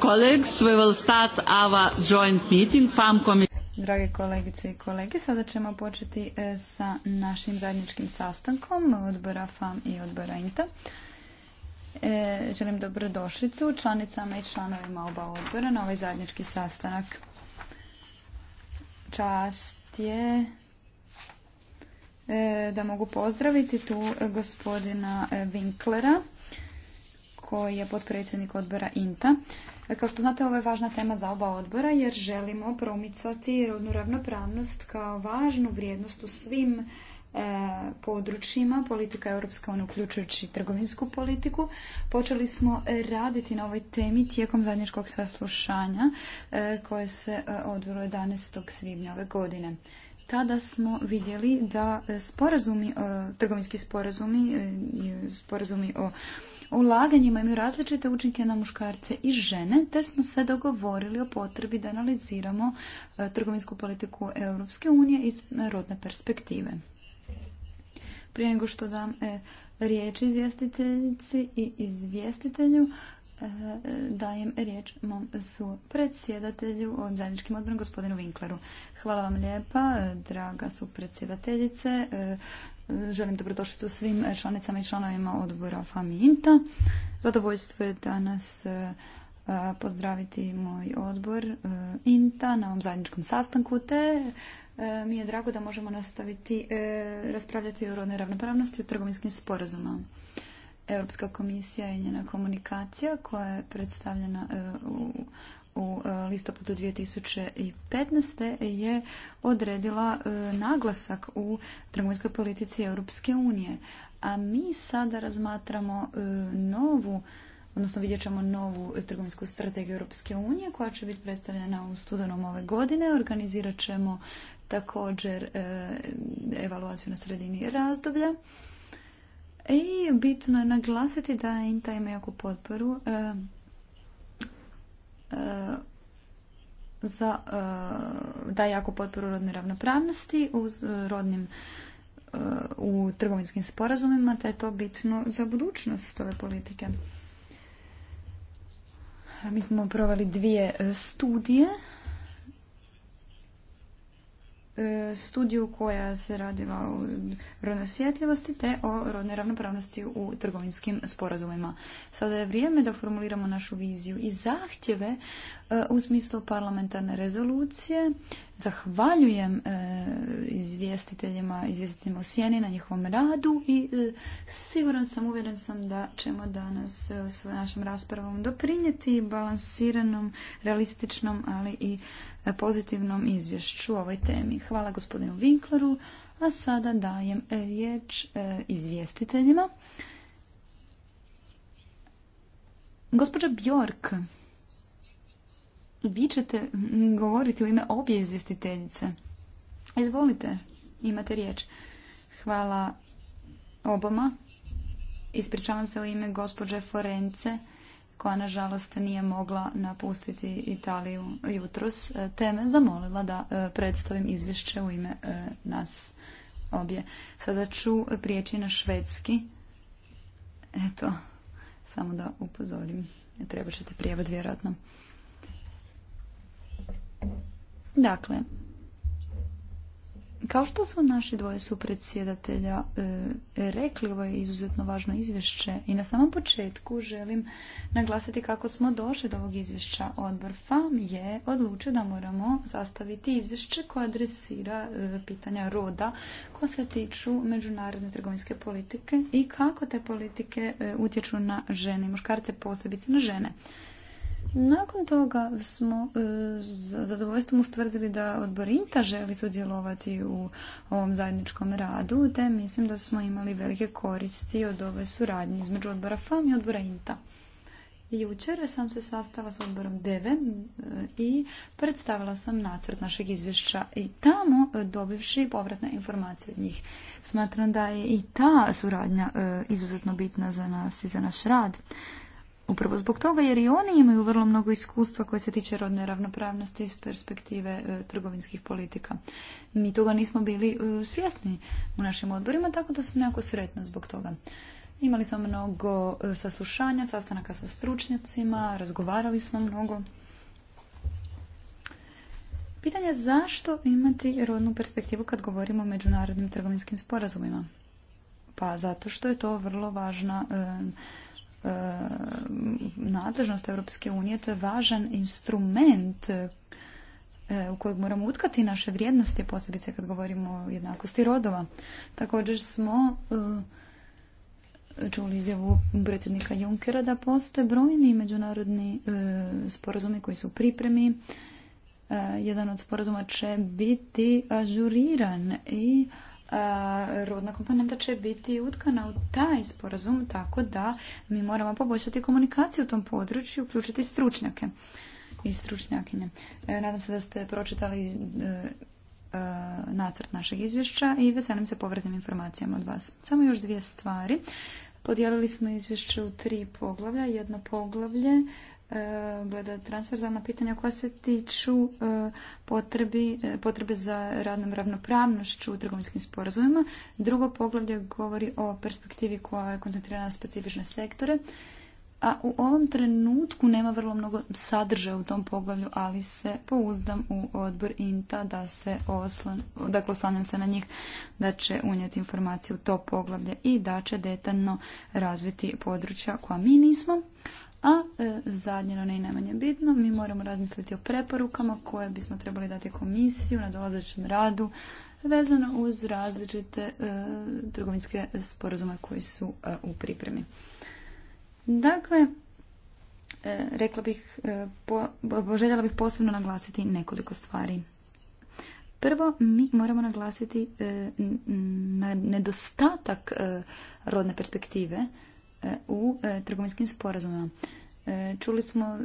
Colleagues, we will start our joint meeting, Drage kolegice i kolege, sada ćemo početi e, sa našim zajedničkim sastankom odbora FAM i odbora INTA. E, želim dobrodošlicu članicama i članovima oba odbora na ovaj zajednički sastanak. Čast je E, da mogu pozdraviti tu gospodina e, Winklera koji je potpredsjednik odbora INTA. E, kao što znate, ovo je važna tema za oba odbora jer želimo promicati rodnu ravnopravnost kao važnu vrijednost u svim područjima politika europska, ono uključujući trgovinsku politiku. Počeli smo raditi na ovoj temi tijekom zajedničkog saslušanja koje se odvilo 11. svibnja ove godine tada smo vidjeli da e, sporazumi, e, trgovinski sporazumi e, i sporazumi o ulaganjima imaju različite učinke na muškarce i žene, te smo se dogovorili o potrebi da analiziramo trgovinsku politiku Europske unije iz rodne perspektive. Prije nego što dam riječ izvjestiteljici i izvjestitelju, dajem riječ mom su predsjedatelju ovim zajedničkim odborom, gospodinu Winkleru. Hvala vam lijepa, draga su predsjedateljice. E, želim dobrodošlicu svim članicama i članovima odbora Inta. Zadovoljstvo je danas e, pozdraviti moj odbor e, INTA na ovom zajedničkom sastanku te mi je drago da možemo nastaviti raspravljati o rodnoj ravnopravnosti u trgovinskim sporazumama. Europska komisija i njena komunikacija koja je predstavljena e, u u e, listopadu 2015. je odredila e, naglasak u trgovinskoj politici Europske unije. A mi sada razmatramo novu, odnosno vidjet ćemo novu trgovinsku strategiju Europske unije koja će biti predstavljena u studenom ove godine. Organizirat ćemo također evaluaciju na sredini razdoblja i e, bitno je naglasiti da INTA ima jako potporu e, e za, e, da jako potporu rodne ravnopravnosti u rodnim u trgovinskim sporazumima, da je to bitno za budućnost ove politike. Mi smo proveli dvije studije E, studiju koja se radila o rodnoj osjetljivosti te o rodnoj ravnopravnosti u trgovinskim sporazumima. Sada je vrijeme da formuliramo našu viziju i zahtjeve e, u smislu parlamentarne rezolucije Zahvaljujem e, izvjestiteljima, izvjestiteljima u Sjeni na njihovom radu i e, siguran sam, uvjeren sam da ćemo danas e, s našom raspravom doprinijeti balansiranom, realističnom, ali i pozitivnom izvješću o ovoj temi. Hvala gospodinu Vinkleru, a sada dajem riječ izvjestiteljima. Gospođa Bjork vi ćete govoriti u ime obje izvjestiteljice. Izvolite, imate riječ. Hvala oboma. Ispričavam se u ime gospođe Forence koja nažalost nije mogla napustiti Italiju jutros, e, te me zamolila da e, predstavim izvješće u ime e, nas obje. Sada ću prijeći na švedski. Eto, samo da upozorim. Treba ćete prijevod vjerojatno. Dakle, kao što su naši dvoje supredsjedatelja e, rekli, ovo je izuzetno važno izvješće i na samom početku želim naglasiti kako smo došli do ovog izvješća. Odbor FAM je odlučio da moramo sastaviti izvješće koje adresira e, pitanja roda koje se tiču međunarodne trgovinske politike i kako te politike e, utječu na žene i muškarce, posebice na žene. Nakon toga smo s e, zadovoljstvom ustvrdili da odbor INTA želi sudjelovati u ovom zajedničkom radu, te mislim da smo imali velike koristi od ove suradnje između odbora FAM i odbora INTA. Jučer sam se sastala s odborom DEVE e, i predstavila sam nacrt našeg izvješća i tamo e, dobivši povratne informacije od njih. Smatram da je i ta suradnja izuzetno bitna za nas i za naš rad upravo zbog toga jer i oni imaju vrlo mnogo iskustva koje se tiče rodne ravnopravnosti iz perspektive e, trgovinskih politika. Mi toga nismo bili e, svjesni u našim odborima, tako da sam jako sretna zbog toga. Imali smo mnogo e, saslušanja, sastanaka sa stručnjacima, razgovarali smo mnogo. Pitanje je zašto imati rodnu perspektivu kad govorimo o međunarodnim trgovinskim sporazumima? Pa zato što je to vrlo važna E, nadležnost Europske unije, to je važan instrument e, u kojeg moramo utkati naše vrijednosti, posebice kad govorimo o jednakosti rodova. Također smo e, čuli izjavu predsjednika Junkera da postoje brojni međunarodni sporazumi koji su u pripremi. Jedan od sporazuma će biti ažuriran i rodna komponenta će biti utkana u taj sporazum tako da mi moramo poboljšati komunikaciju u tom području, uključiti stručnjake i stručnjakinje. E, nadam se da ste pročitali e, e, nacrt našeg izvješća i veselim se povratnim informacijama od vas. Samo još dvije stvari. Podijelili smo izvješće u tri poglavlja. Jedno poglavlje E, gleda transverzalna pitanja koja se tiču e, potrebi, e, potrebe za radnom ravnopravnošću u trgovinskim sporazumima. Drugo poglavlje govori o perspektivi koja je koncentrirana na specifične sektore. A u ovom trenutku nema vrlo mnogo sadržaja u tom poglavlju, ali se pouzdam u odbor INTA da se oslan, dakle oslanjam se na njih da će unijeti informaciju u to poglavlje i da će detaljno razviti područja koja mi nismo, a e, zadnje, ne i najmanje bitno, mi moramo razmisliti o preporukama koje bismo trebali dati komisiju na dolazećem radu vezano uz različite drugovinske trgovinske sporazume koji su e, u pripremi. Dakle, e, rekla bih, željela bih posebno naglasiti nekoliko stvari. Prvo, mi moramo naglasiti nedostatak rodne perspektive u e, trgovinskim sporazumima. E, čuli smo e,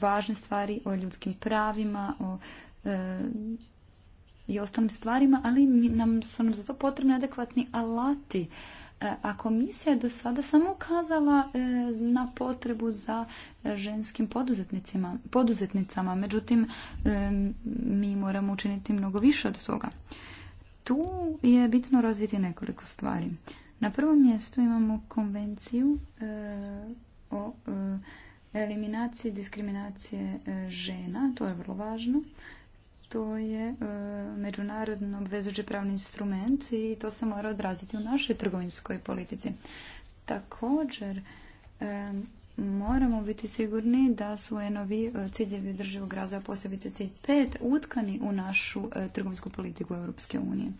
važne stvari o ljudskim pravima o, i ostalim stvarima, ali nam su nam za to potrebni adekvatni alati. A komisija je do sada samo ukazala na potrebu za ženskim poduzetnicima, poduzetnicama. Međutim, mi moramo učiniti mnogo više od toga. Tu je bitno razviti nekoliko stvari. Na prvom mjestu imamo konvenciju e, o e, eliminaciji diskriminacije e, žena, to je vrlo važno. To je međunarodno obvezujući pravni instrument i to se mora odraziti u našoj trgovinskoj politici. Također, moramo biti sigurni da su enovi ciljevi održivog razvoja, posebice cilj 5, utkani u našu trgovinsku politiku Europske unije.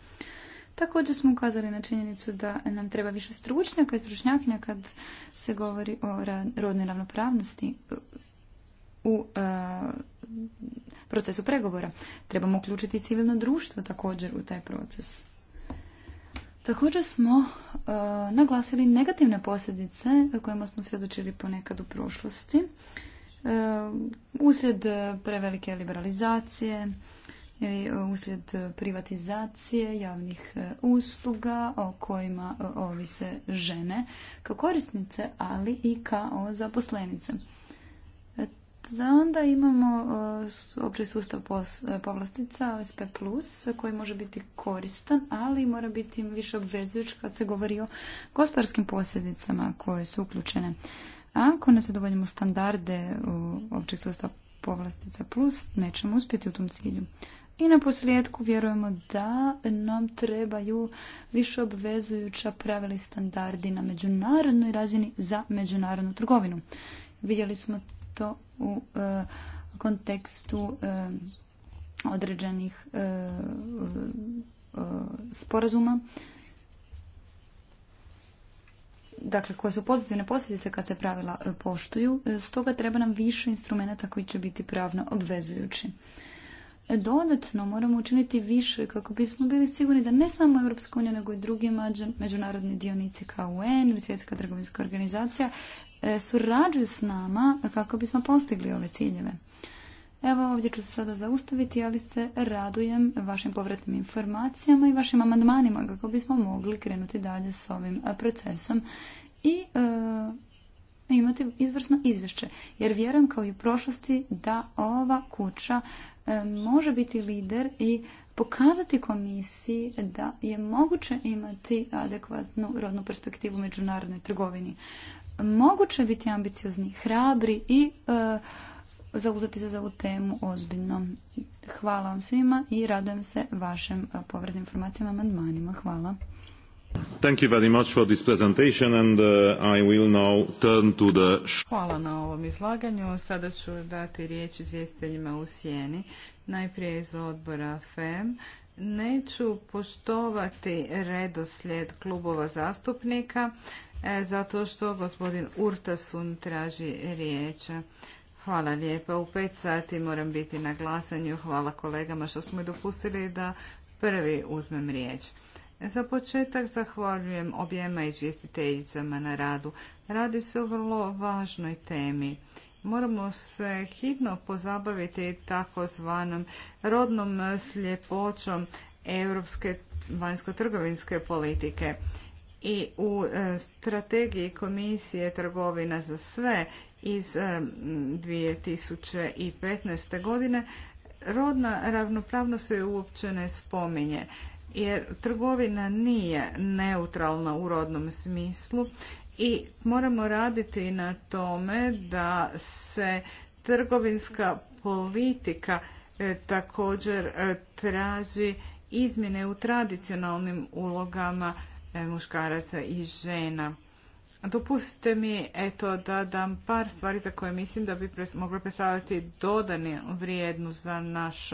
Također smo ukazali na činjenicu da nam treba više stručnjaka i stručnjakinja kad se govori o rodnoj ravnopravnosti uh, u uh, procesu pregovora. Trebamo uključiti i civilno društvo također u taj proces. Također smo uh, naglasili negativne posljedice kojima smo svjedočili ponekad u prošlosti. uslijed prevelike liberalizacije, E, uslijed privatizacije javnih e, usluga o kojima e, ovise žene kao korisnice, ali i kao zaposlenice. Onda imamo opći sustav povlastica OSP+, koji može biti koristan, ali mora biti više obvezujuć kad se govori o gospodarskim posljedicama koje su uključene. Ako ne zadovoljimo standarde općeg sustava povlastica plus, nećemo uspjeti u tom cilju. I na posljedku vjerujemo da nam trebaju više obvezujuća pravila i standardi na međunarodnoj razini za međunarodnu trgovinu. Vidjeli smo to u e, kontekstu e, određenih e, sporazuma dakle koje su pozitivne posljedice kad se pravila poštuju, stoga treba nam više instrumenta koji će biti pravno obvezujući dodatno moramo učiniti više kako bismo bili sigurni da ne samo Europska unija nego i drugi međunarodni dionici kao UN ili Svjetska trgovinska organizacija e, surađuju s nama kako bismo postigli ove ciljeve. Evo ovdje ću se sada zaustaviti, ali se radujem vašim povratnim informacijama i vašim amandmanima kako bismo mogli krenuti dalje s ovim e, procesom i e, imati izvrsno izvješće. Jer vjerujem kao i u prošlosti da ova kuća E, može biti lider i pokazati komisiji da je moguće imati adekvatnu rodnu perspektivu u međunarodnoj trgovini. Moguće biti ambiciozni, hrabri i e, zauzeti se za ovu temu ozbiljno. Hvala vam svima i radujem se vašim e, povrednim informacijama, amandmanima. Hvala. Thank Hvala na ovom izlaganju. Sada ću dati riječ izvjestiteljima u sjeni. Najprije iz odbora FEM. Neću poštovati redoslijed klubova zastupnika e, zato što gospodin Urtasun traži riječ. Hvala lijepa. U pet sati moram biti na glasanju. Hvala kolegama što smo dopustili da prvi uzmem riječ. Za početak zahvaljujem objema izvjestiteljicama na radu. Radi se o vrlo važnoj temi. Moramo se hitno pozabaviti takozvanom rodnom sljepoćom europske vanjsko-trgovinske politike. I u e, strategiji komisije trgovina za sve iz 2015. E, godine rodna ravnopravnost se uopće ne spominje jer trgovina nije neutralna u rodnom smislu i moramo raditi na tome da se trgovinska politika e, također e, traži izmjene u tradicionalnim ulogama e, muškaraca i žena. Dopustite mi eto da dam par stvari za koje mislim da bi mogli predstavljati dodanu vrijednost za naš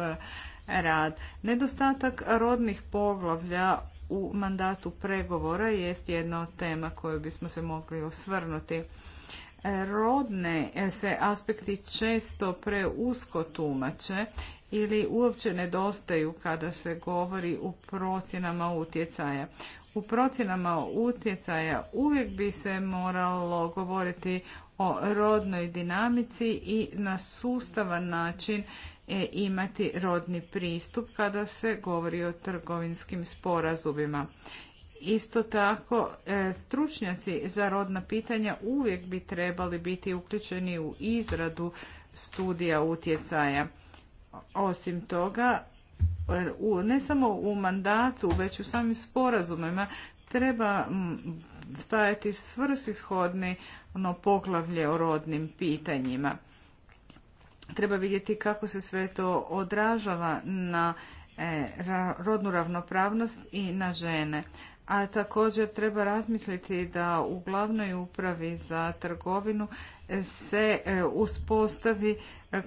rad. Nedostatak rodnih poglavlja u mandatu pregovora jest jedna od tema koju bismo se mogli osvrnuti. Rodne se aspekti često preusko tumače ili uopće nedostaju kada se govori u procjenama utjecaja. U procjenama utjecaja uvijek bi se moralo govoriti o rodnoj dinamici i na sustavan način E, imati rodni pristup kada se govori o trgovinskim sporazumima. Isto tako, e, stručnjaci za rodna pitanja uvijek bi trebali biti uključeni u izradu studija utjecaja. Osim toga, ne samo u mandatu, već u samim sporazumima treba stajati svrsishodni ono poglavlje o rodnim pitanjima treba vidjeti kako se sve to odražava na e, rodnu ravnopravnost i na žene. A također treba razmisliti da u glavnoj upravi za trgovinu e, se e, uspostavi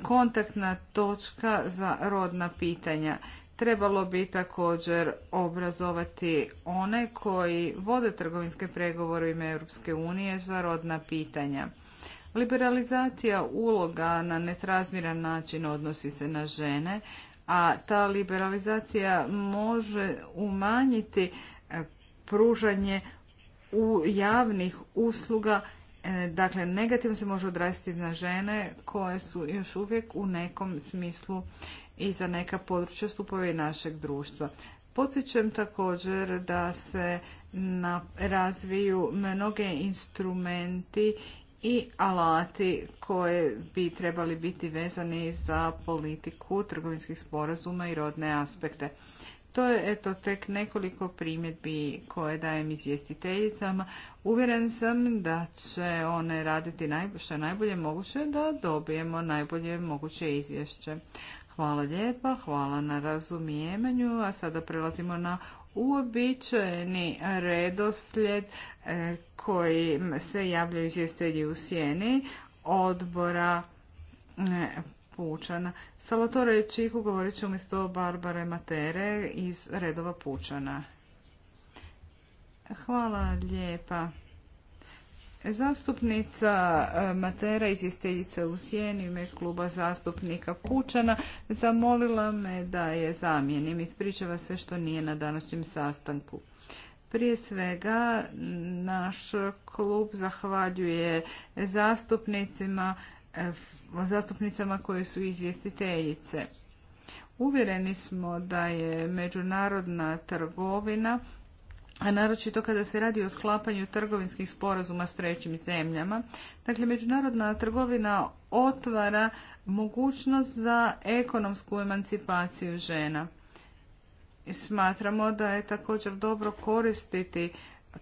kontaktna točka za rodna pitanja. Trebalo bi također obrazovati one koji vode trgovinske pregovore u ime Europske unije za rodna pitanja. Liberalizacija uloga na netrazmiran način odnosi se na žene, a ta liberalizacija može umanjiti e, pružanje u javnih usluga e, Dakle, negativno se može odraziti na žene koje su još uvijek u nekom smislu i za neka područja stupove našeg društva. Podsjećam također da se razviju mnoge instrumenti i alati koje bi trebali biti vezani za politiku trgovinskih sporazuma i rodne aspekte. To je eto tek nekoliko primjedbi koje dajem izvjestiteljicama. Uvjeren sam da će one raditi što najbolje moguće da dobijemo najbolje moguće izvješće. Hvala lijepa, hvala na razumijemanju, a sada prelazimo na uobičajeni redoslijed e, koji se javljaju izvjestelji u sjeni odbora e, Pučana. Salvatore Čiku govorit će umjesto Barbare Matere iz redova Pučana. Hvala lijepa. Zastupnica e, Matera, Isteljice u u ime kluba zastupnika Pučana, zamolila me da je zamijenim. Ispričava se što nije na današnjem sastanku. Prije svega, naš klub zahvaljuje zastupnicima, e, zastupnicama koje su izvjestiteljice. Uvjereni smo da je međunarodna trgovina a naročito kada se radi o sklapanju trgovinskih sporazuma s trećim zemljama. Dakle, međunarodna trgovina otvara mogućnost za ekonomsku emancipaciju žena. Smatramo da je također dobro koristiti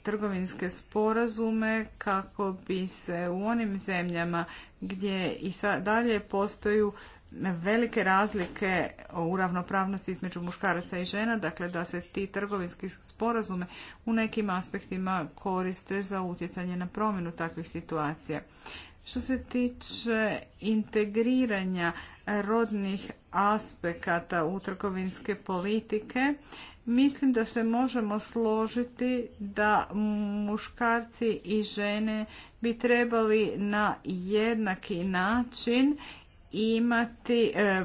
trgovinske sporazume kako bi se u onim zemljama gdje i dalje postoju velike razlike u ravnopravnosti između muškaraca i žena, dakle da se ti trgovinski sporazume u nekim aspektima koriste za utjecanje na promjenu takvih situacija. Što se tiče integriranja rodnih aspekata u trgovinske politike, mislim da se možemo složiti da muškarci i žene bi trebali na jednaki način imati e,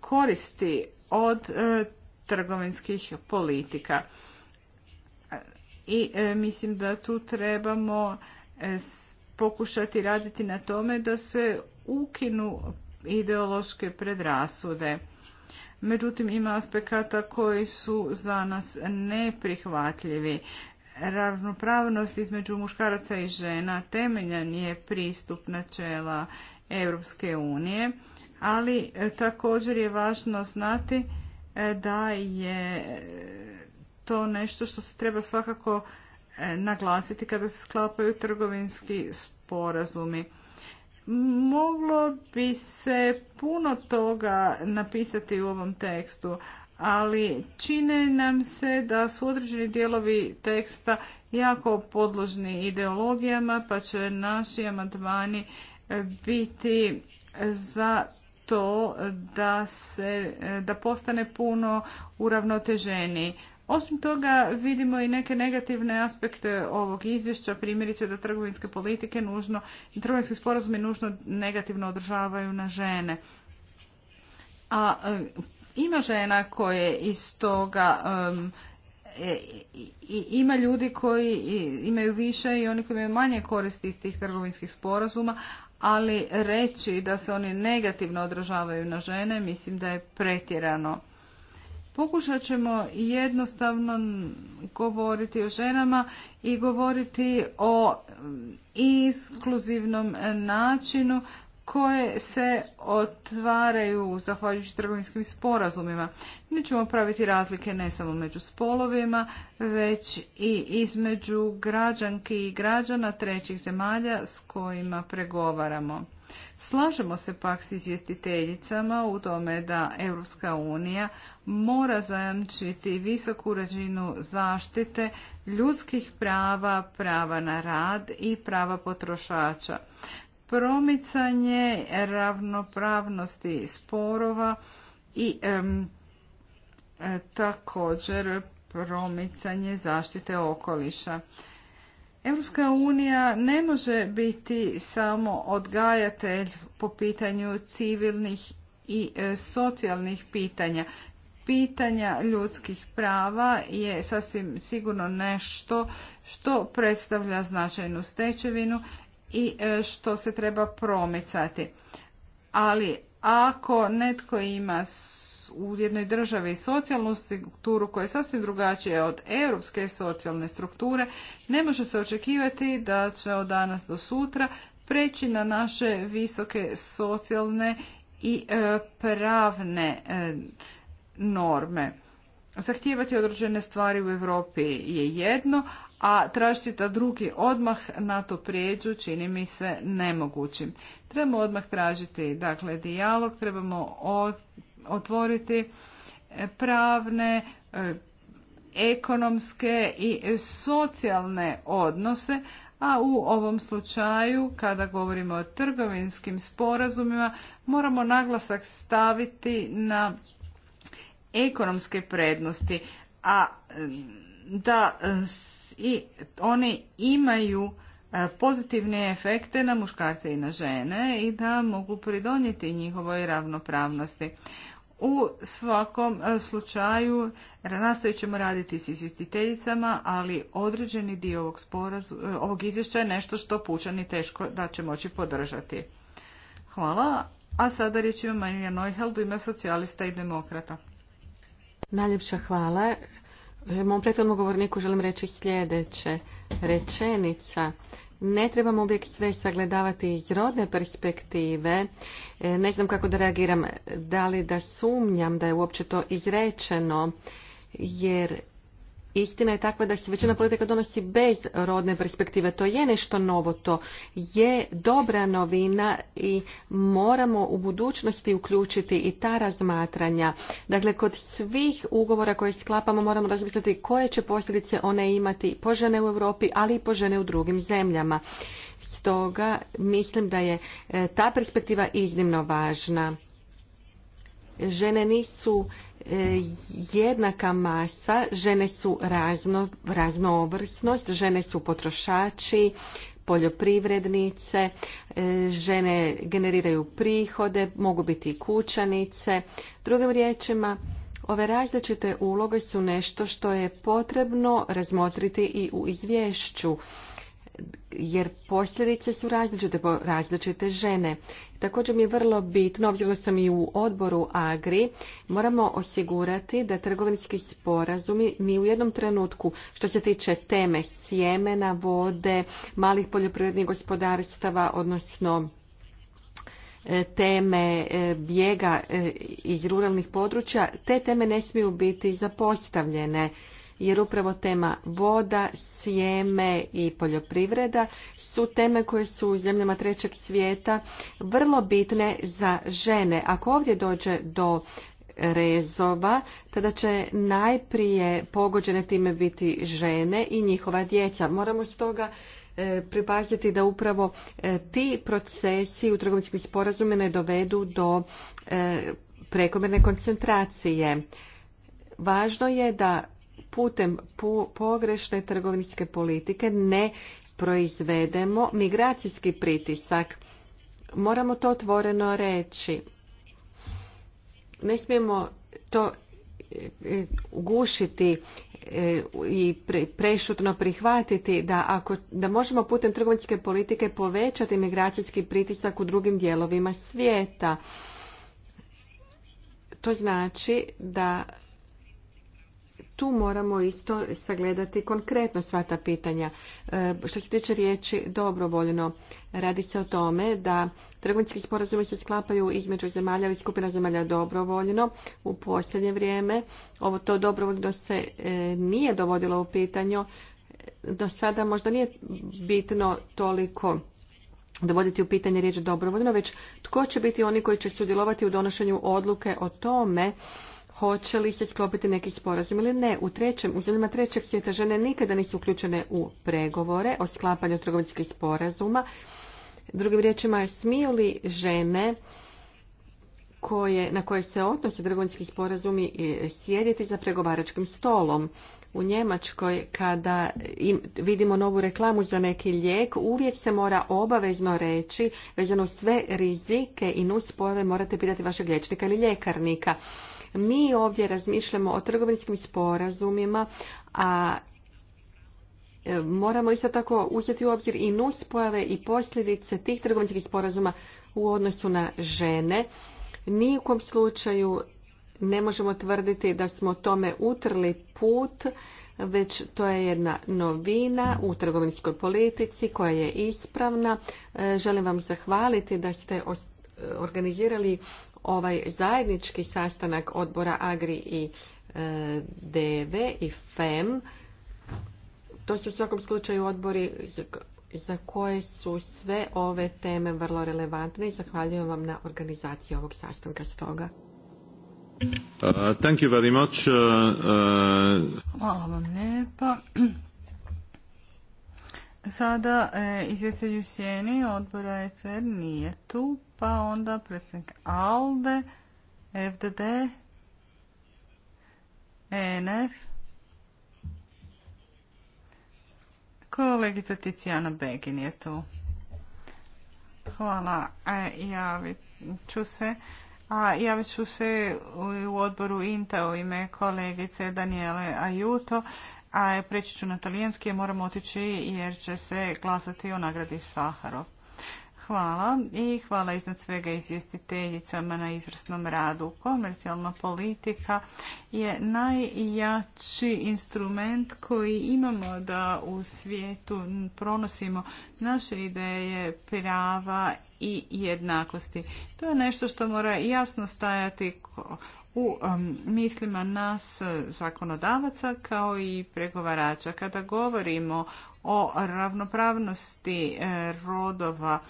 koristi od e, trgovinskih politika. E, I mislim da tu trebamo pokušati raditi na tome da se ukinu ideološke predrasude. Međutim, ima aspekata koji su za nas neprihvatljivi ravnopravnost između muškaraca i žena temeljan je pristup načela Europske unije, ali e, također je važno znati e, da je to nešto što se treba svakako e, naglasiti kada se sklapaju trgovinski sporazumi. Moglo bi se puno toga napisati u ovom tekstu, ali čine nam se da su određeni dijelovi teksta jako podložni ideologijama, pa će naši amandmani e, biti za to da, se, e, da postane puno uravnoteženi. Osim toga vidimo i neke negativne aspekte ovog izvješća, primjerice da trgovinske politike nužno trgovinski sporazumi nužno negativno održavaju na žene. A e, ima žena koje iz toga e, i, ima ljudi koji imaju više i oni koji imaju manje koristi iz tih trgovinskih sporazuma, ali reći da se oni negativno odražavaju na žene mislim da je pretjerano. Pokušat ćemo jednostavno govoriti o ženama i govoriti o inkluzivnom e, načinu koje se otvaraju zahvaljujući trgovinskim sporazumima. Nećemo praviti razlike ne samo među spolovima, već i između građanki i građana trećih zemalja s kojima pregovaramo. Slažemo se pak s izvjestiteljicama u tome da Europska unija mora zajamčiti visoku razinu zaštite ljudskih prava, prava na rad i prava potrošača promicanje ravnopravnosti sporova i e, također promicanje zaštite okoliša. Europska unija ne može biti samo odgajatelj po pitanju civilnih i e, socijalnih pitanja. Pitanja ljudskih prava je sasvim sigurno nešto što predstavlja značajnu stečevinu i e, što se treba promicati. Ali ako netko ima u jednoj državi socijalnu strukturu koja je sasvim drugačija od europske socijalne strukture, ne može se očekivati da će od danas do sutra preći na naše visoke socijalne i e, pravne e, norme. Zahtijevati određene stvari u Europi je jedno, a tražiti da drugi odmah na to prijeđu čini mi se nemogućim. Trebamo odmah tražiti dakle dijalog, trebamo otvoriti e, pravne, e, ekonomske i socijalne odnose, a u ovom slučaju kada govorimo o trgovinskim sporazumima moramo naglasak staviti na ekonomske prednosti, a mm, da i one imaju e, pozitivne efekte na muškarce i na žene i da mogu pridonijeti njihovoj ravnopravnosti. U svakom e, slučaju nastavit ćemo raditi s izvjestiteljicama, ali određeni dio ovog, sporazu, e, ovog izvješća je nešto što pučani teško da će moći podržati. Hvala. A sada riječ ima Marija Neuheld u ime socijalista i demokrata. Najljepša hvala. E, mom prethodnom govorniku želim reći sljedeće. Rečenica ne trebamo uvijek sve sagledavati iz rodne perspektive. E, ne znam kako da reagiram, da li da sumnjam da je uopće to izrečeno, jer istina je takva da se većina politika donosi bez rodne perspektive. To je nešto novo, to je dobra novina i moramo u budućnosti uključiti i ta razmatranja. Dakle, kod svih ugovora koje sklapamo moramo razmisliti koje će posljedice one imati po žene u Europi, ali i po žene u drugim zemljama. Stoga mislim da je e, ta perspektiva iznimno važna žene nisu jednaka masa, žene su razno, raznovrsnost, žene su potrošači, poljoprivrednice, e, žene generiraju prihode, mogu biti i kućanice. Drugim riječima, ove različite uloge su nešto što je potrebno razmotriti i u izvješću jer posljedice su različite po različite žene. Također mi je vrlo bitno, obzirom sam i u odboru Agri, moramo osigurati da trgovinski sporazumi ni u jednom trenutku što se tiče teme sjemena, vode, malih poljoprivrednih gospodarstava, odnosno e, teme e, bijega e, iz ruralnih područja, te teme ne smiju biti zapostavljene jer upravo tema voda, sjeme i poljoprivreda su teme koje su u zemljama trećeg svijeta vrlo bitne za žene. Ako ovdje dođe do rezova, tada će najprije pogođene time biti žene i njihova djeca. Moramo stoga e, pripaziti da upravo e, ti procesi u trgovinskim sporazume ne dovedu do e, prekomjerne koncentracije. Važno je da putem po pogrešne trgovinske politike ne proizvedemo migracijski pritisak. Moramo to otvoreno reći. Ne smijemo to e, e, ugušiti e, i prešutno prihvatiti da ako da možemo putem trgovinske politike povećati migracijski pritisak u drugim dijelovima svijeta. To znači da tu moramo isto sagledati konkretno sva ta pitanja. E, što se tiče riječi dobrovoljno, radi se o tome da trgovinski sporazumi se sklapaju između zemalja i skupina zemalja dobrovoljno u posljednje vrijeme. Ovo to dobrovoljno se e, nije dovodilo u pitanje. E, do sada možda nije bitno toliko dovoditi u pitanje riječ dobrovoljno, već tko će biti oni koji će sudjelovati u donošenju odluke o tome hoće li se sklopiti neki sporazum ili ne. U trećem, u zemljama trećeg svijeta žene nikada nisu uključene u pregovore o sklapanju trgovinskih sporazuma. Drugim riječima, smiju li žene koje, na koje se odnose trgovinski sporazumi e, sjediti za pregovaračkim stolom? U Njemačkoj, kada vidimo novu reklamu za neki lijek, uvijek se mora obavezno reći, vezano sve rizike i nuspojave morate pitati vašeg liječnika ili ljekarnika mi ovdje razmišljamo o trgovinskim sporazumima, a e, moramo isto tako uzeti u obzir i nuspojave i posljedice tih trgovinskih sporazuma u odnosu na žene. Ni u slučaju ne možemo tvrditi da smo tome utrli put, već to je jedna novina u trgovinskoj politici koja je ispravna. E, želim vam zahvaliti da ste organizirali ovaj zajednički sastanak odbora Agri i e, DV Deve i FEM. To su u svakom slučaju odbori za koje su sve ove teme vrlo relevantne i zahvaljujem vam na organizaciji ovog sastanka stoga. Uh, thank you very much. Uh, uh, Hvala vam lijepa. Sada e, sjeni odbora ECR nije tu, pa onda predsjednik ALDE, FDD, ENF, kolegica Ticijana Begin je tu. Hvala, e, javit ću se. A javit ću se u odboru INTA u ime kolegice Daniele Ajuto, a preći ću na talijanski jer moram otići jer će se glasati o nagradi Saharov. Hvala i hvala iznad svega izvjestiteljicama na izvrsnom radu. Komercijalna politika je najjači instrument koji imamo da u svijetu pronosimo naše ideje, prava i jednakosti. To je nešto što mora jasno stajati u um, mislima nas zakonodavaca kao i pregovarača. Kada govorimo o ravnopravnosti eh, rodova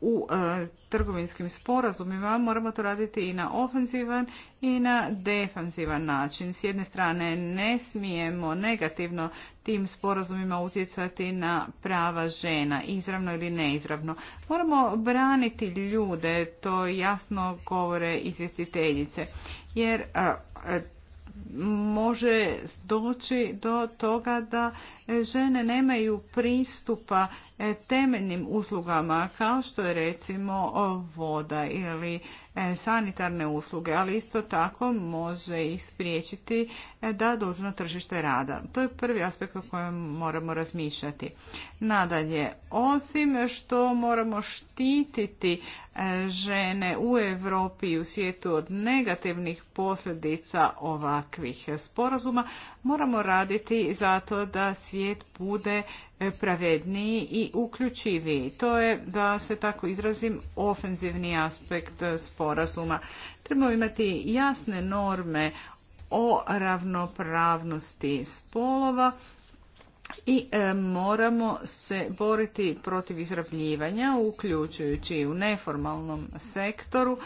u e, trgovinskim sporazumima moramo to raditi i na ofenzivan i na defanzivan način. S jedne strane ne smijemo negativno tim sporazumima utjecati na prava žena, izravno ili neizravno. Moramo braniti ljude, to jasno govore izvjestiteljice, jer e, može doći do toga da žene nemaju pristupa E, temeljnim uslugama kao što je recimo voda ili e, sanitarne usluge, ali isto tako može ih spriječiti e, da dođu na tržište rada. To je prvi aspekt o kojem moramo razmišljati. Nadalje, osim što moramo štititi žene u Europi i u svijetu od negativnih posljedica ovakvih sporazuma, moramo raditi zato da svijet bude pravedniji i uključiviji. To je, da se tako izrazim, ofenzivni aspekt sporazuma. Trebamo imati jasne norme o ravnopravnosti spolova i e, moramo se boriti protiv izrabljivanja, uključujući i u neformalnom sektoru,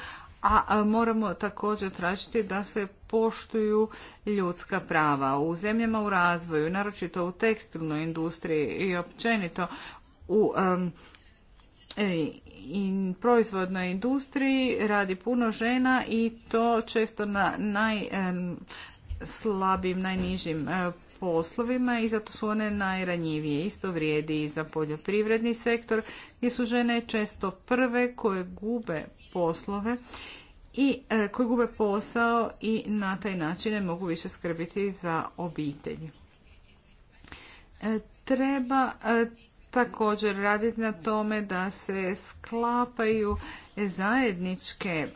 a moramo također tražiti da se poštuju ljudska prava. U zemljama u razvoju, naročito u tekstilnoj industriji i općenito u e, proizvodnoj industriji radi puno žena i to često na najslabim, najnižim e, poslovima i zato su one najranjivije. Isto vrijedi i za poljoprivredni sektor gdje su žene često prve koje gube poslove i e, koji gube posao i na taj način ne mogu više skrbiti za obitelji. E, treba e, također raditi na tome da se sklapaju zajedničke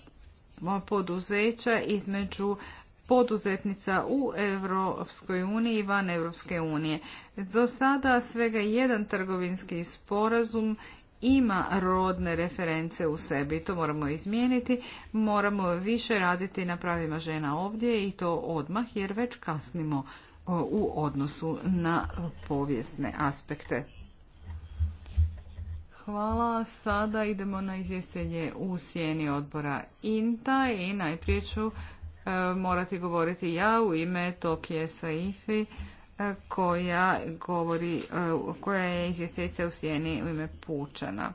poduzeća između poduzetnica u Europskoj uniji i van Europske unije. Do sada svega jedan trgovinski sporazum ima rodne reference u sebi. To moramo izmijeniti. Moramo više raditi na pravima žena ovdje i to odmah jer već kasnimo u odnosu na povijesne aspekte. Hvala. Sada idemo na izvjestjenje u sjeni odbora INTA i najprije ću e, morati govoriti ja u ime Tokije Saifi koja govori, e, koja je izvjestica u sjeni u ime Pučana.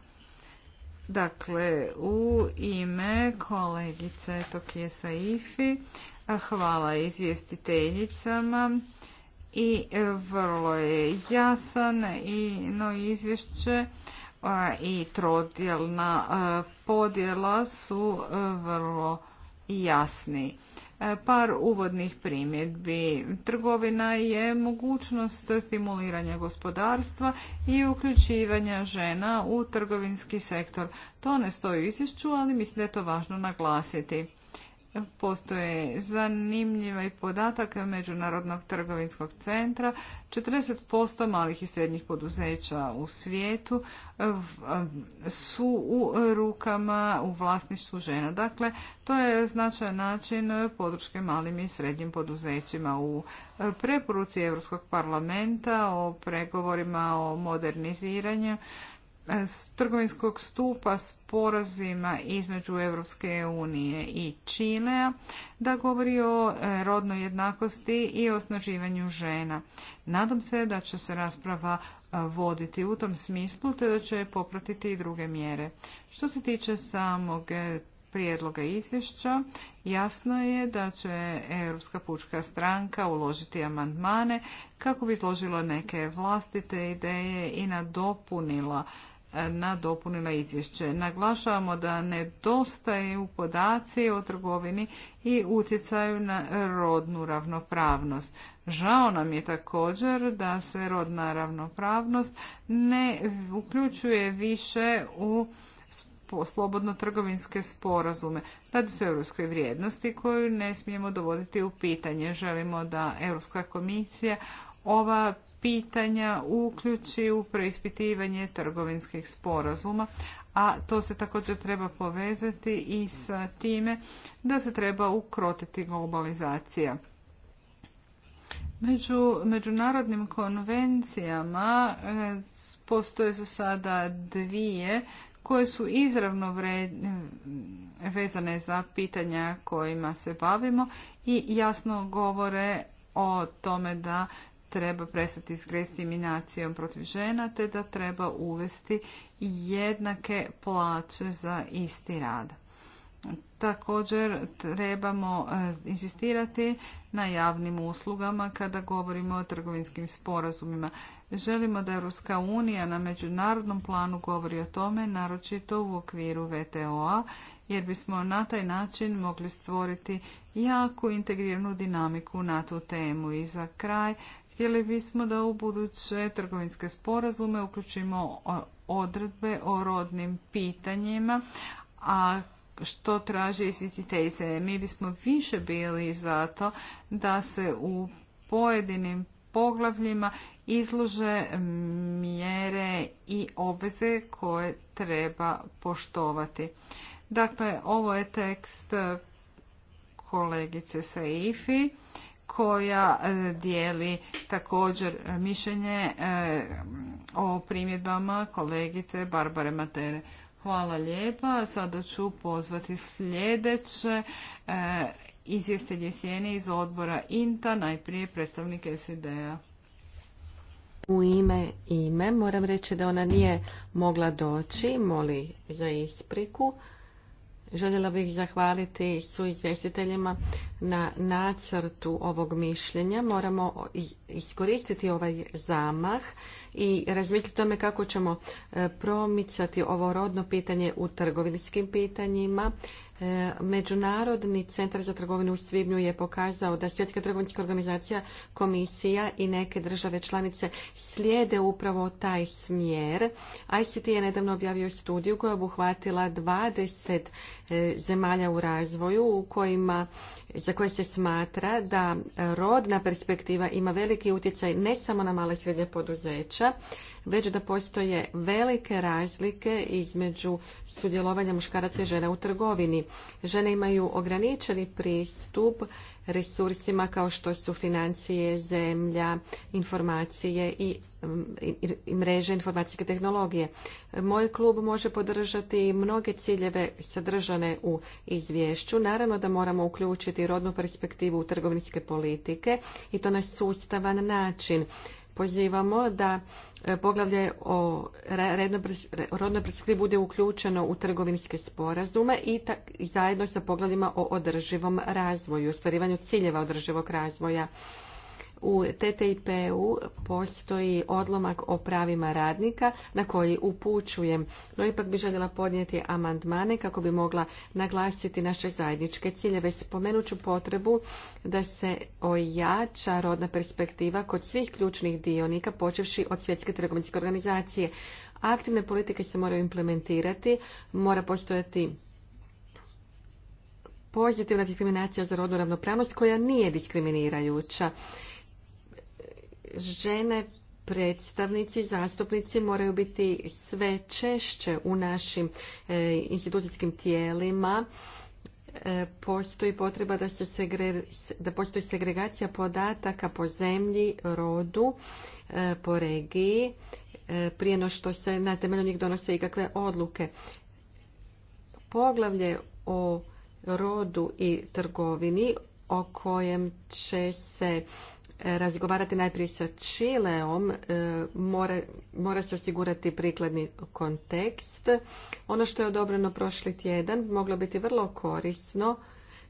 Dakle, u ime kolegice Tokije Saifi, hvala izvjestiteljicama i e, vrlo je jasan i no izvješće i trodjelna podjela su e, vrlo jasni. E, par uvodnih primjedbi. Trgovina je mogućnost stimuliranja gospodarstva i uključivanja žena u trgovinski sektor. To ne stoji u izvješću, ali mislim da je to važno naglasiti postoje zanimljiva i podatak Međunarodnog trgovinskog centra. 40% malih i srednjih poduzeća u svijetu su u rukama u vlasništvu žena. Dakle, to je značajan način podrške malim i srednjim poduzećima u preporuci Europskog parlamenta o pregovorima o moderniziranju trgovinskog stupa sporazima između Europske unije i Čilea da govori o e, rodnoj jednakosti i osnaživanju žena. Nadam se da će se rasprava e, voditi u tom smislu te da će popratiti i druge mjere. Što se tiče samog e, prijedloga izvješća jasno je da će Europska pučka stranka uložiti amandmane kako bi izložila neke vlastite ideje i nadopunila nadopunila izvješće. Naglašavamo da nedostaju podaci o trgovini i utjecaju na rodnu ravnopravnost. Žao nam je također da se rodna ravnopravnost ne uključuje više u slobodno trgovinske sporazume. Radi se o europskoj vrijednosti koju ne smijemo dovoditi u pitanje. Želimo da Europska komisija ova pitanja uključi u preispitivanje trgovinskih sporazuma, a to se također treba povezati i sa time da se treba ukrotiti globalizacija. Među međunarodnim konvencijama eh, postoje su sada dvije koje su izravno vezane za pitanja kojima se bavimo i jasno govore o tome da treba prestati s diskriminacijom protiv žena te da treba uvesti jednake plaće za isti rad. Također trebamo e, insistirati na javnim uslugama kada govorimo o trgovinskim sporazumima. Želimo da Europska unija na međunarodnom planu govori o tome, naročito u okviru VTO-a, jer bismo na taj način mogli stvoriti jaku integriranu dinamiku na tu temu. I za kraj Htjeli bismo da u buduće trgovinske sporazume uključimo odredbe o rodnim pitanjima, a što traže izvjestiteljice. Mi bismo više bili za to da se u pojedinim poglavljima izlože mjere i obveze koje treba poštovati. Dakle, ovo je tekst kolegice Saifi koja e, dijeli također e, mišljenje e, o primjedbama kolegice Barbare Matere. Hvala lijepa. Sada ću pozvati sljedeće izvjestelje sjene iz odbora INTA, najprije predstavnike SID-a. U ime ime moram reći da ona nije mogla doći, moli za ispriku. Željela bih zahvaliti su izvjestiteljima na nacrtu ovog mišljenja. Moramo iskoristiti ovaj zamah i razmisliti tome kako ćemo e, promicati ovo rodno pitanje u trgovinskim pitanjima E, Međunarodni centar za trgovinu u Svibnju je pokazao da Svjetska trgovinska organizacija, komisija i neke države članice slijede upravo taj smjer. ICT je nedavno objavio studiju koja je obuhvatila 20 e, zemalja u razvoju u kojima za koje se smatra da rodna perspektiva ima veliki utjecaj ne samo na male srednje poduzeća, već da postoje velike razlike između sudjelovanja muškaraca i žena u trgovini. Žene imaju ograničeni pristup resursima kao što su financije, zemlja, informacije mm, i mreže informacijske tehnologije. Moj klub može podržati mnoge ciljeve sadržane u izvješću. Naravno da moramo uključiti rodnu perspektivu u trgovinske politike i to na sustavan način pozivamo da e, poglavlje o rodnoj perspektivi bude uključeno u trgovinske sporazume i zajedno sa poglavljima o održivom razvoju, ostvarivanju ciljeva održivog razvoja u TTIP-u postoji odlomak o pravima radnika na koji upućujem, no ipak bi željela podnijeti amandmane kako bi mogla naglasiti naše zajedničke ciljeve. spomenuću potrebu da se ojača rodna perspektiva kod svih ključnih dionika, počevši od svjetske trgovinske organizacije. Aktivne politike se moraju implementirati, mora postojati pozitivna diskriminacija za rodnu ravnopravnost koja nije diskriminirajuća žene predstavnici, zastupnici moraju biti sve češće u našim e, institucijskim tijelima e, postoji potreba da, se da postoji segregacija podataka po zemlji, rodu, e, po regiji, prije no što se na temelju njih donose ikakve odluke. Poglavlje o rodu i trgovini o kojem će se razgovarati najprije sa Čileom, e, mora, se osigurati prikladni kontekst. Ono što je odobreno prošli tjedan moglo biti vrlo korisno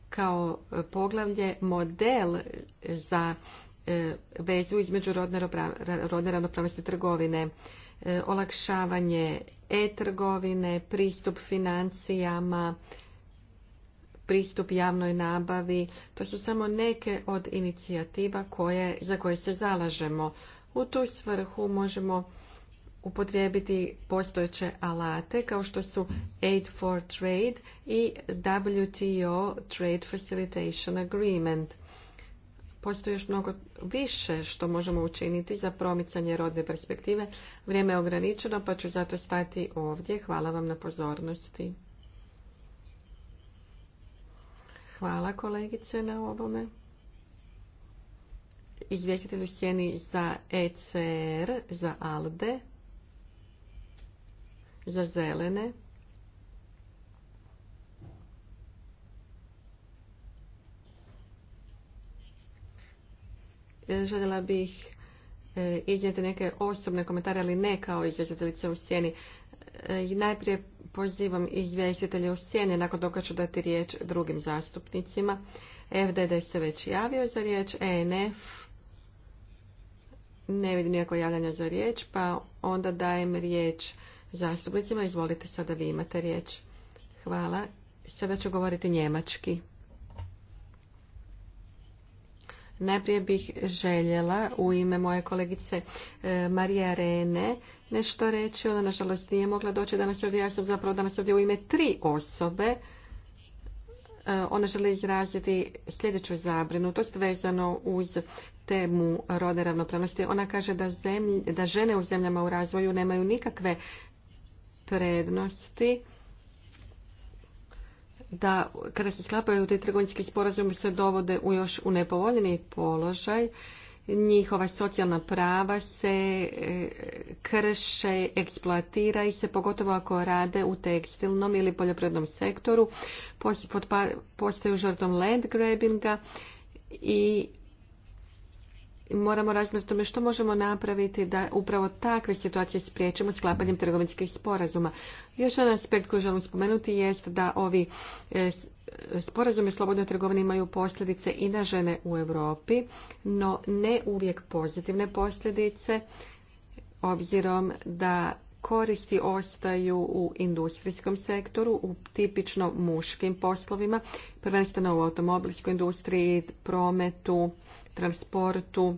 kao poglavlje model za e, vezu između rodne ravnopravnosti trgovine, e, olakšavanje e-trgovine, pristup financijama, pristup javnoj nabavi. To su samo neke od inicijativa koje, za koje se zalažemo. U tu svrhu možemo upotrijebiti postojeće alate kao što su Aid for Trade i WTO Trade Facilitation Agreement. Postoji još mnogo više što možemo učiniti za promicanje rodne perspektive. Vrijeme je ograničeno pa ću zato stati ovdje. Hvala vam na pozornosti. Hvala kolegice na ovome. Izvjestitelj u sjeni za ECR, za ALDE, za zelene. Željela bih e, iznijeti neke osobne komentare, ali ne kao izvjestiteljice u sjeni. E, najprije pozivam izvjestitelje u sjeni, nakon toga ću dati riječ drugim zastupnicima. FDD se već javio za riječ, ENF ne vidim nijako javljanja za riječ, pa onda dajem riječ zastupnicima. Izvolite, sada vi imate riječ. Hvala. Sada ću govoriti njemački. Najprije bih željela u ime moje kolegice e, Marija Rene nešto reći. Ona nažalost nije mogla doći danas ovdje. Ja sam zapravo danas ovdje u ime tri osobe. E, ona želi izraziti sljedeću zabrinutost vezano uz temu rode ravnopravnosti. Ona kaže da, da žene u zemljama u razvoju nemaju nikakve prednosti da kada se sklapaju te trgovinski sporazumi se dovode u još u nepovoljeni položaj njihova socijalna prava se e, krše, eksploatira i se pogotovo ako rade u tekstilnom ili poljoprivrednom sektoru postaju žrtvom land grabbinga i moramo razmisliti o tome što možemo napraviti da upravo takve situacije spriječimo sklapanjem trgovinskih sporazuma. Još jedan aspekt koji želim spomenuti jest da ovi e, sporazumi slobodnoj trgovini imaju posljedice i na žene u Europi, no ne uvijek pozitivne posljedice, obzirom da koristi ostaju u industrijskom sektoru, u tipično muškim poslovima, prvenstveno u automobilskoj industriji, prometu, transportu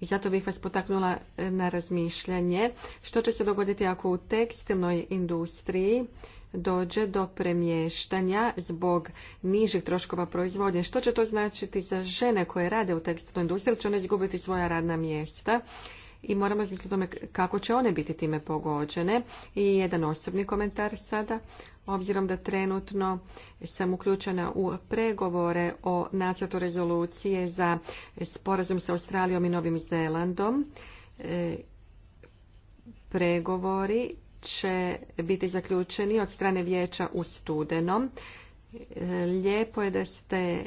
i zato bih vas potaknula e, na razmišljanje. Što će se dogoditi ako u tekstilnoj industriji dođe do premještanja zbog nižih troškova proizvodnje? Što će to značiti za žene koje rade u tekstilnoj industriji? Će one izgubiti svoja radna mjesta? I moramo razmisliti o tome kako će one biti time pogođene. I jedan osobni komentar sada obzirom da trenutno sam uključena u pregovore o nacrtu rezolucije za sporazum sa Australijom i Novim Zelandom. E, pregovori će biti zaključeni od strane vijeća u studenom. E, lijepo je da ste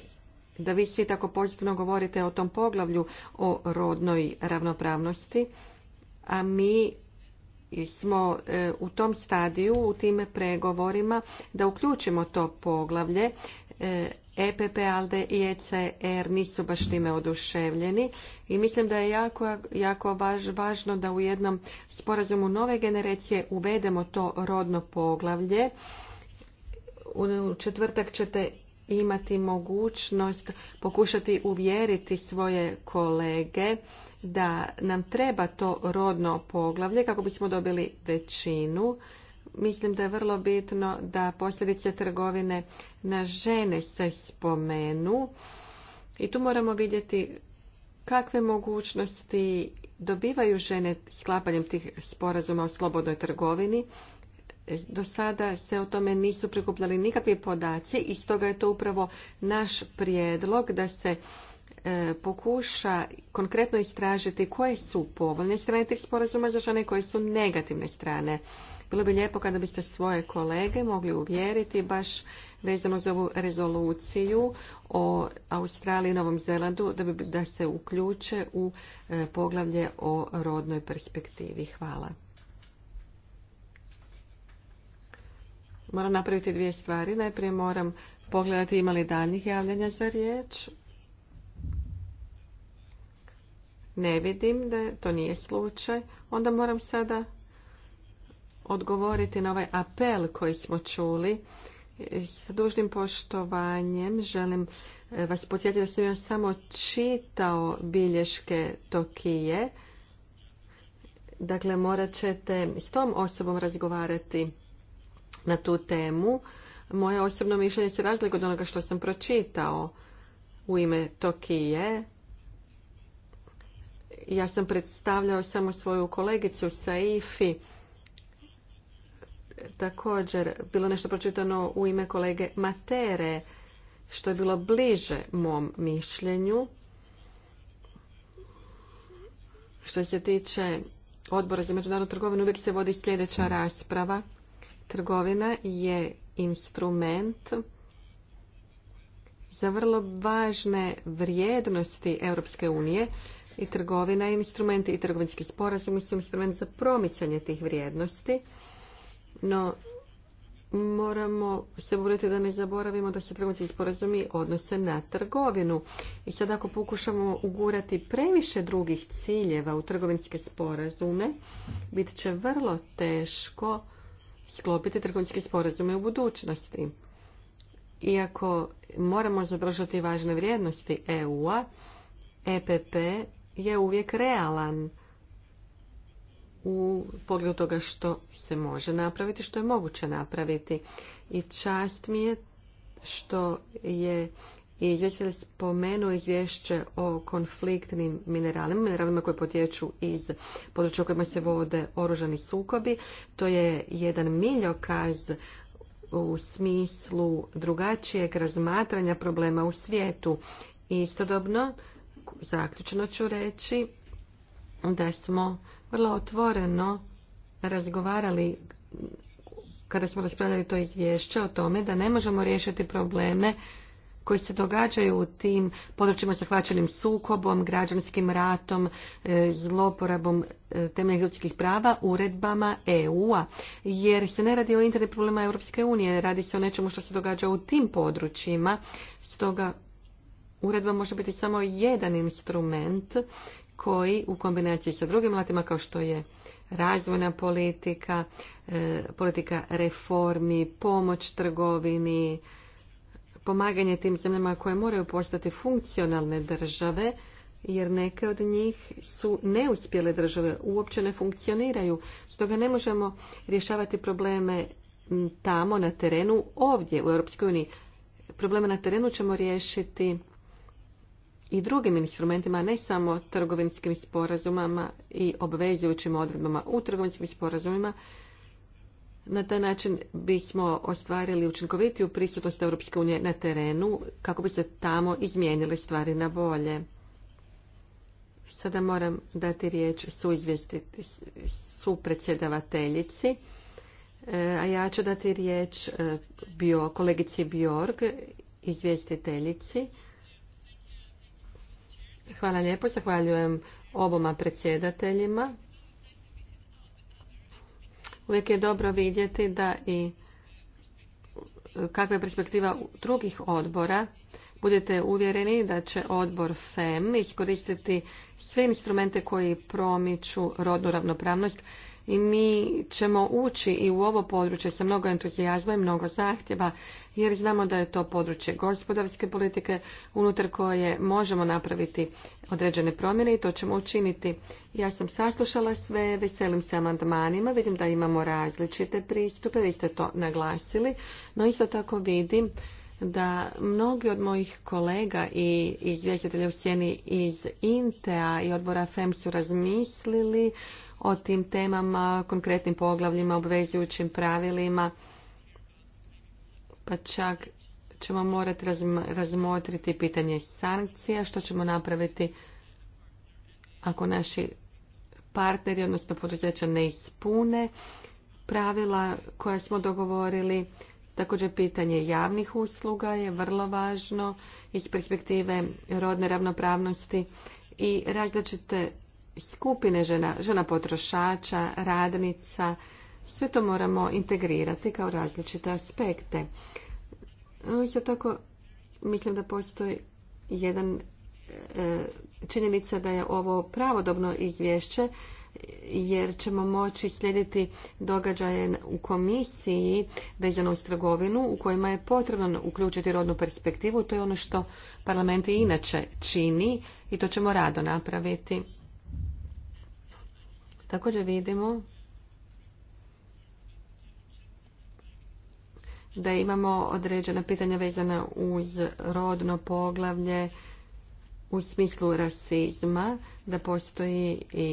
da vi svi tako pozitivno govorite o tom poglavlju o rodnoj ravnopravnosti, a mi smo e, u tom stadiju, u tim pregovorima, da uključimo to poglavlje. EPP, e ALDE i ECR e nisu baš time oduševljeni i mislim da je jako, jako važno da u jednom sporazumu nove generacije uvedemo to rodno poglavlje. U četvrtak ćete imati mogućnost pokušati uvjeriti svoje kolege da nam treba to rodno poglavlje kako bismo dobili većinu. Mislim da je vrlo bitno da posljedice trgovine na žene se spomenu i tu moramo vidjeti kakve mogućnosti dobivaju žene sklapanjem tih sporazuma o slobodnoj trgovini. Do sada se o tome nisu prikupljali nikakvi podaci i stoga je to upravo naš prijedlog da se E, pokuša konkretno istražiti koje su povoljne strane tih sporazuma za žene koje su negativne strane. Bilo bi lijepo kada biste svoje kolege mogli uvjeriti baš vezano za ovu rezoluciju o Australiji i Novom Zelandu da, bi, da se uključe u e, poglavlje o rodnoj perspektivi. Hvala. Moram napraviti dvije stvari. Najprije moram pogledati ima li daljnjih javljanja za riječ. Ne vidim da to nije slučaj. Onda moram sada odgovoriti na ovaj apel koji smo čuli. S dužnim poštovanjem želim e, vas podsjetiti da sam ja samo čitao bilješke Tokije. Dakle, morat ćete s tom osobom razgovarati na tu temu. Moje osobno mišljenje se razlikuje od onoga što sam pročitao u ime Tokije. Ja sam predstavljao samo svoju kolegicu sa IFI. Također, bilo nešto pročitano u ime kolege Matere, što je bilo bliže mom mišljenju. Što se tiče odbora za međunarodnu trgovinu, uvijek se vodi sljedeća rasprava. Trgovina je instrument za vrlo važne vrijednosti Europske unije i trgovina i instrumenti i trgovinski sporazumi su instrument za promicanje tih vrijednosti, no moramo se boriti da ne zaboravimo da se trgovinski sporazumi odnose na trgovinu. I sad ako pokušamo ugurati previše drugih ciljeva u trgovinske sporazume, bit će vrlo teško sklopiti trgovinske sporazume u budućnosti. Iako moramo zadržati važne vrijednosti EU-a, EPP je uvijek realan u pogledu toga što se može napraviti, što je moguće napraviti. I čast mi je što je izvjestitelj spomenuo izvješće o konfliktnim mineralima, mineralima koji potječu iz područja u kojima se vode oružani sukobi. To je jedan miljokaz u smislu drugačijeg razmatranja problema u svijetu. Istodobno, zaključno ću reći da smo vrlo otvoreno razgovarali kada smo raspravljali to izvješće o tome da ne možemo riješiti probleme koji se događaju u tim područjima zahvaćenim sukobom, građanskim ratom, e, zloporabom e, temeljnih ljudskih prava uredbama EU-a. Jer se ne radi o internet problema Europske unije, radi se o nečemu što se događa u tim područjima. Stoga uredba može biti samo jedan instrument koji u kombinaciji sa drugim alatima kao što je razvojna politika, e, politika reformi, pomoć trgovini, pomaganje tim zemljama koje moraju postati funkcionalne države, jer neke od njih su neuspjele države, uopće ne funkcioniraju. Stoga ne možemo rješavati probleme tamo na terenu, ovdje u Europskoj uniji. Probleme na terenu ćemo riješiti i drugim instrumentima, ne samo trgovinskim sporazumama i obvezujućim odredbama u trgovinskim sporazumima. Na taj način bismo ostvarili učinkovitiju prisutnost Europske unije na terenu kako bi se tamo izmijenili stvari na bolje. Sada moram dati riječ su, su e, a ja ću dati riječ e, bio, kolegici Bjorg, izvjestiteljici. Hvala lijepo, zahvaljujem oboma predsjedateljima. Uvijek je dobro vidjeti da i kakva je perspektiva drugih odbora. Budete uvjereni da će odbor FEM iskoristiti sve instrumente koji promiču rodnu ravnopravnost i mi ćemo ući i u ovo područje sa mnogo entuzijazma i mnogo zahtjeva jer znamo da je to područje gospodarske politike unutar koje možemo napraviti određene promjene i to ćemo učiniti. Ja sam saslušala sve, veselim se amandmanima, vidim da imamo različite pristupe, vi ste to naglasili, no isto tako vidim da mnogi od mojih kolega i izvjestitelja u sjeni iz Intea i odbora FEM su razmislili o tim temama, konkretnim poglavljima, obvezujućim pravilima, pa čak ćemo morati razmotriti pitanje sankcija, što ćemo napraviti ako naši partneri, odnosno poduzeća ne ispune pravila koja smo dogovorili. Također pitanje javnih usluga je vrlo važno iz perspektive rodne ravnopravnosti i različite skupine žena, žena potrošača, radnica, sve to moramo integrirati kao različite aspekte. Isto tako, mislim da postoji jedan e, činjenica da je ovo pravodobno izvješće jer ćemo moći slijediti događaje u komisiji vezano uz trgovinu u kojima je potrebno uključiti rodnu perspektivu. To je ono što parlament inače čini i to ćemo rado napraviti. Također vidimo da imamo određena pitanja vezana uz rodno poglavlje u smislu rasizma, da postoji i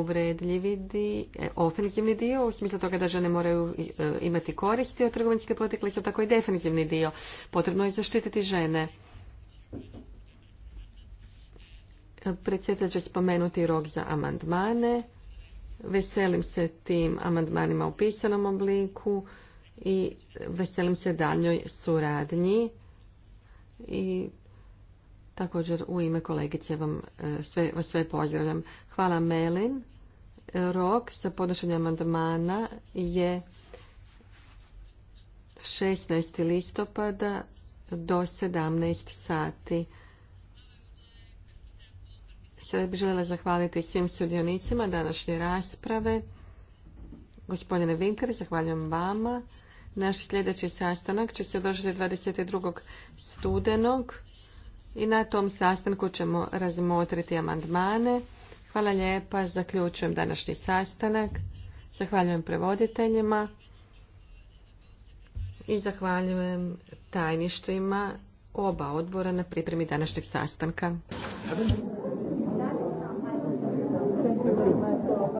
uvredljivi dio, e, ofenzivni dio, u smislu toga da žene moraju e, imati koristi od trgovinske potekle isto tako i defenzivni dio. Potrebno je zaštititi žene. Predsjedatelj će spomenuti rok za amandmane. Veselim se tim amandmanima u pisanom obliku i veselim se daljnjoj suradnji. I također u ime kolegice vam e, sve, sve pozdravljam. Hvala Melin. Rok za podnošenje amandmana je 16. listopada do 17 sati bih željela zahvaliti svim sudionicima današnje rasprave. Gospodine Vinker, zahvaljujem vama. Naš sljedeći sastanak će se održati 22. studenog i na tom sastanku ćemo razmotriti amandmane. Hvala lijepa, zaključujem današnji sastanak. Zahvaljujem prevoditeljima i zahvaljujem tajništvima oba odbora na pripremi današnjeg sastanka.